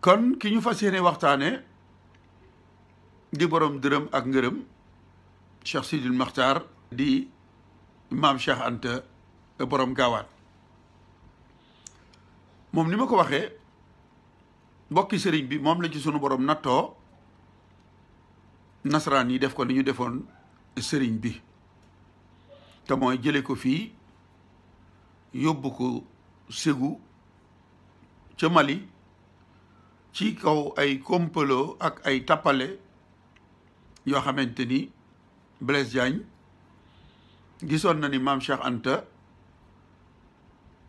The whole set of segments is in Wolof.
kon ki ñu fas yéene waxtaane di borom dërëm ak ngërëm Cheikh Sidil Maxtaar di maam Cheikh Anta borom gaawaan moom ni ma ko waxee mbokki sëriñ bi moom la ci sunu borom nattoo nasaraan yi def ko ni ñu defoon sëriñ bi te mooy jële ko fii yóbbu ko Ségou ca Mali ci kaw ay complot ak ay tappale yoo xamante ni Blaise Diagne gisoon na ni maam Cheikh Anta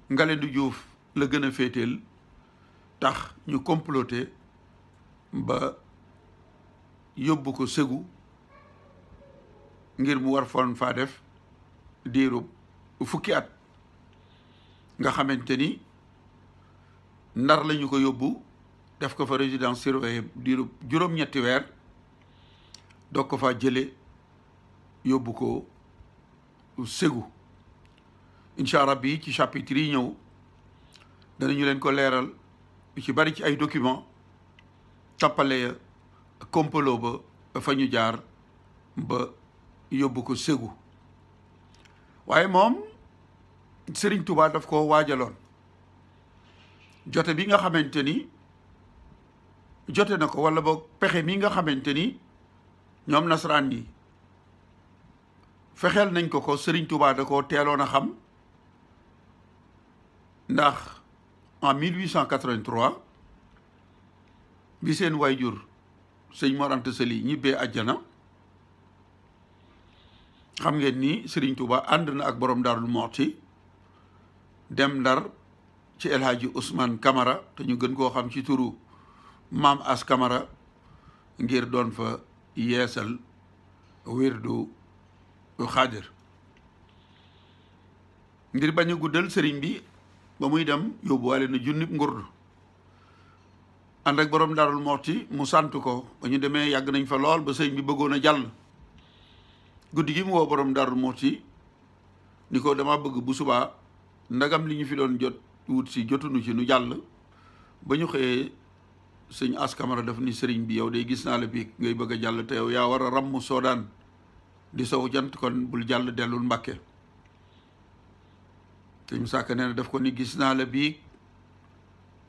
du juuf la gën a féeteel tax ñu comploté ba yóbbu ko Ségou ngir mu war foon faa def diiru fukki at nga xamante ni Ndar lañu ko yóbbu def ko fa résidence surveillée diiru juróom-ñetti weer doog ko fa jële yóbbu ko ségu incha allah bi ci chapitre yi ñëw danañu leen ko leeral ci bari ci ay document tappale ya kompaloo ba fa ñu jaar ba yóbbu ko ségu waaye moom Serigne Touba daf ko waajaloon jote bi nga xamante ni jote na ko wala boog pexe mi nga xamante ni ñoom nasaraan yi fexeel nañ ko ko Serigne Touba da ko teeloon a xam ndax en 1883 bi seen waajur sëñ Mor Anta Sali ñibbee àjjana xam ngeen ni sëriñ Touba ànd na ak borom Darou Mouhty dem Ndar ci El Hadji Ousmane Camara te ñu gën koo xam ci turu. maam as kamara ngir doon fa yeesal wirdu xaadir ngir bañ a guddal sëriñ bi ba muy dem yóbbuwaale na junnib ngurdu ànd ak borom darul moxti mu sant ko ba ñu demee yàgg nañ fa lool ba sëriñ bi bëggoon a jàll guddi gi mu woo borom darul moxti ni ko dama bëgg bu subaa ndagam li ñu fi doon jot wut si jotuñu ci nu jàll ba ñu xëyee sëñ as kamara daf ni sëriñ bi yow day gis naa la bi ngay bëgg a jàll te yow yaa war a ràmm soodaan di sow jant kon bul jàll dellul mbàkke sëñ Musaa Ka nee ko ni gis naa la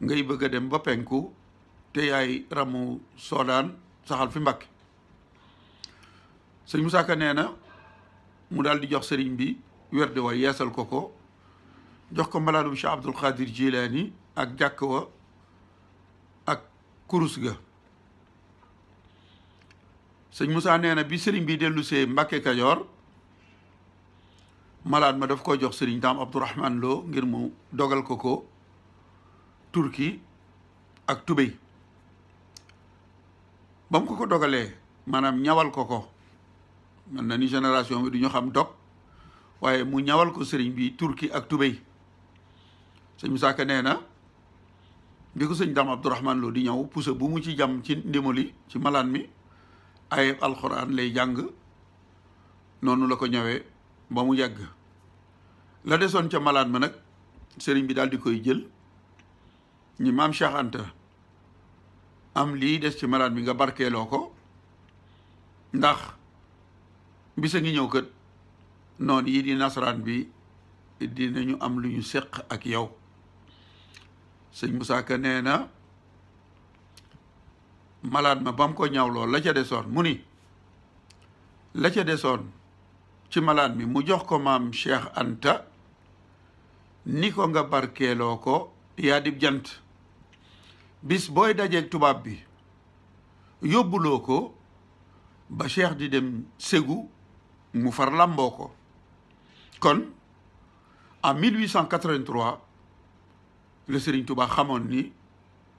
ngay bëgg a dem ba penku te soodaan saxal fi mbàkke sëñ Musaa na mu daal di jox sëriñ bi werd wa yeesal ko ko jox ko malaanum Cheikh Abdul Xaadir Jilaani ak jàkk wa kurus ga sëñ Moussa nee na bi sëriñ bi dellu see Mbàkke Kajoor malaat ma daf ko jox sëriñ tam Abdourahman Lo ngir mu dogal ko ko turki ak tubéy ba mu ko ko dogalee maanaam ñawal ko ko man na ni génération bi du ñu xam dog waaye mu ñawal ko sëriñ bi turki ak tubéy sëñ Moussa ka nee na bi ko sëñ Dame Abdourahman di ñëw puso bu mu ci jam ci ndimali ci malaan mi ay alxuraan lay jàng noonu la ko ñëwee ba mu yàgg la desoon ca malaan ma nag sëriñ bi daal di koy jël ñi maam Cheikh am lii des ci malaan bi nga barkeeloo ko ndax bisa ngi ñëw kët noon yi di nasaraan bi dinañu am lu ñu seq ak yow sëñ Moussa Ka nee na malaat ma ba ko ñawloo la ca desoon mu ni la ca desoon ci malaan mi mu jox ko maam Cheikh Anta ni ko nga barkeeloo ko yaa dib jant bis booy dajeeg tubaab bi yóbbuloo ko ba Cheikh di dem Ségou mu far lamboo ko kon en 1883 le Serigne Touba xamoon ni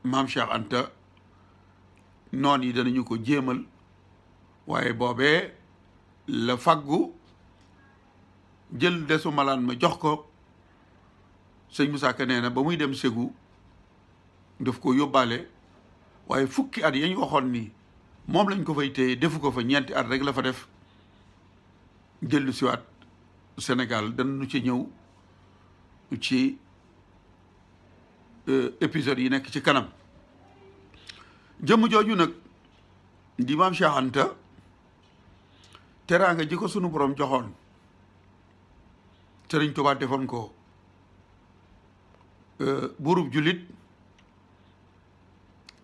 maam Cheikh Anta noon yi danañu ko jéemal waaye boobe la faggu jël desu malaan ma jox ko sëñ mu Ka nee na ba muy dem Ségou def ko yóbbaale waaye fukki at yañ waxoon ni moom lañ ko fay téye defu ko fa ñeenti at rek la fa def jëllu siwaat Sénégal danañu ci ñëw ci Euh, épisodes yi nekk ci kanam jëmm jooju nag di maam Cheikh Anta teraanga ji ko sunu borom joxoon Sëriñ Tuubaa defoon ko euh, buurub jullit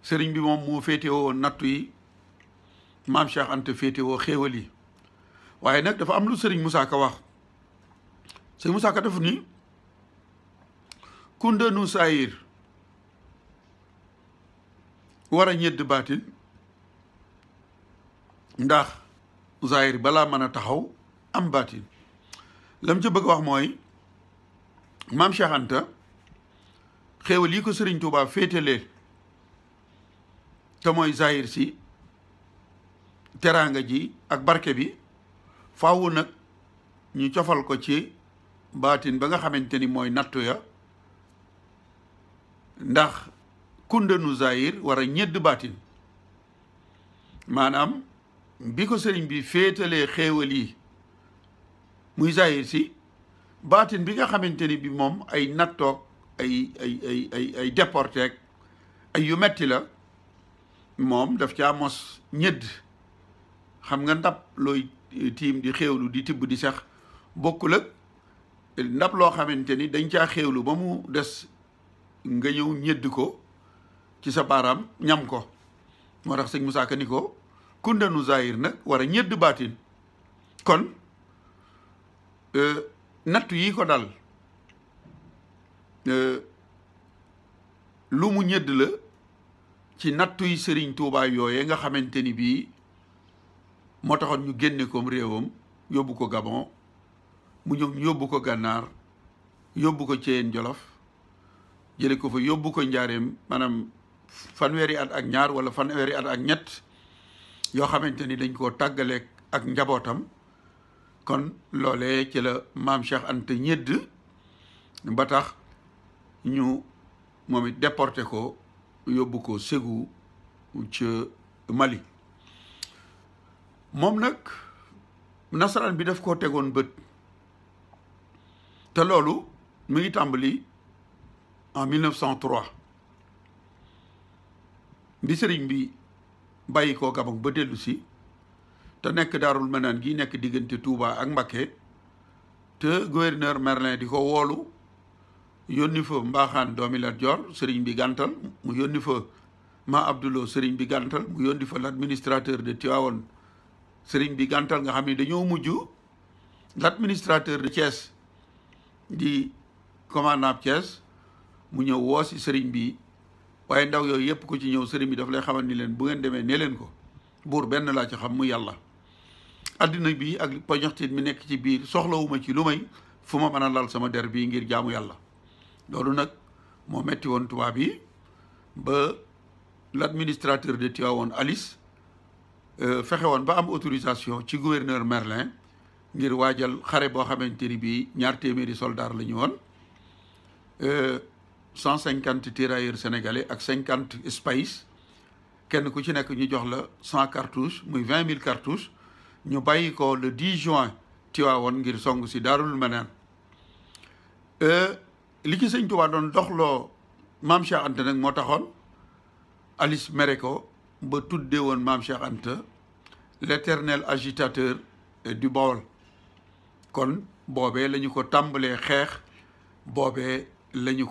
sëriñ bi moom moo féetewoo nattu yi maam Cheikh Anta féetewoo xéewal waaye nag dafa am lu sëriñ Moussa Ka wax sëriñ Moussa Ka def ni kunde nu saayir war a ñedd baatin ndax zahir balaa mën a taxaw am baatin lam ca bëgg wax mooy maam Cheikh Anta lii ko Sëriñ Tuubaa féetalee te mooy zahir si teraanga ji ak barke bi faawu nag ñu cofal ko ci baatin ba nga xamante ni mooy nattu ya ndax kundanu zahir war a ñedd baatin maanaam bi ko seriñ bi féetalee xéewal yi muy zahir si baatin bi nga xamante ni bi moom ay nattoog ay ay ay ay ay déporteeg ay yu metti la moom daf caa mos ñëdd xam nga ndab looy eh, tiim di xéewlu di tibb di sax bokkul ak ndab loo xamante ni dañ caa xéewlu ba mu des nga ñëw ñedd ko ci sa baaraam ñam ko moo tax sëñ Moussa Ka ni ko kundanu zahir nag war a ñedd baatin kon euh, nattu yi ko dal euh, lu mu ñëdd la ci nattuy sëriñ tuubaay yooye nga xamante ni bii moo taxoon ñu génne koom réewam yóbbu ko Gabon mu ñëw yóbbu ko gànnaar yóbbu ko Ceyeen Jolof jële ko fa yóbbu ko njaareem maanaam fanweeri at ak ñaar wala fanweeri at ak ñett yoo xamante ni dañ koo tàggaleeg ak njabootam kon loole ci la maam Cheikh Anta ñedd ba ñu moom it déporté ko yóbbu ko Ségou ca Mali moom nag nasaraan bi def koo tegoon bët te loolu mu ngi tàmbali en 1903 bi serigne bi baye ko gabang ba delu ci te nek darul manan gi nek digeunte Touba ak Mbacké te gouverneur Merlin di ko woolu yónni fa mbaaxaan doomi Lat Joor bi gantal mu yoni fo ma Abdoulou serigne bi gantal mu yoni fo l'administrateur de tiawon serigne bi gantal nga xamni dañu muju l'administrateur de Thiès di commandant Thiès mu ñew wo si serigne bi waaye ndaw yooyu yëpp ku ci ñëw sëriñ bi daf lay xamal ni leen bu ngeen demee ne leen ko buur benn laa ci xam mu yàlla addina bi ak poñoxtit mi nekk ci biir soxlawuma ci lu may fu ma mën a lal sama der bii ngir jaamu yàlla loolu nag moo metti woon tubaab yi ba l'administrateur de Tivaouane Alice euh, fexe woon ba am autorisation ci gouverneur Merlin ngir waajal xare boo xamante ni bii ñaar téeméeri soldaar la woon euh, 150 tirailleurs sénégalais avec 50 espaces. Nous ku ci nek ñu 100 cartouches 20 000 cartouches ñu bayiko le 10 juin tiwa won ngir songu ci darul nous euh li ci seigne touba don doxlo mam cheikh ante nak mo taxone alice mereko ba tuddé mam cheikh l'éternel agitateur du bol kon bobé lañu ko tambalé xex bobe lañu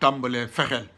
tàmbalee fexeel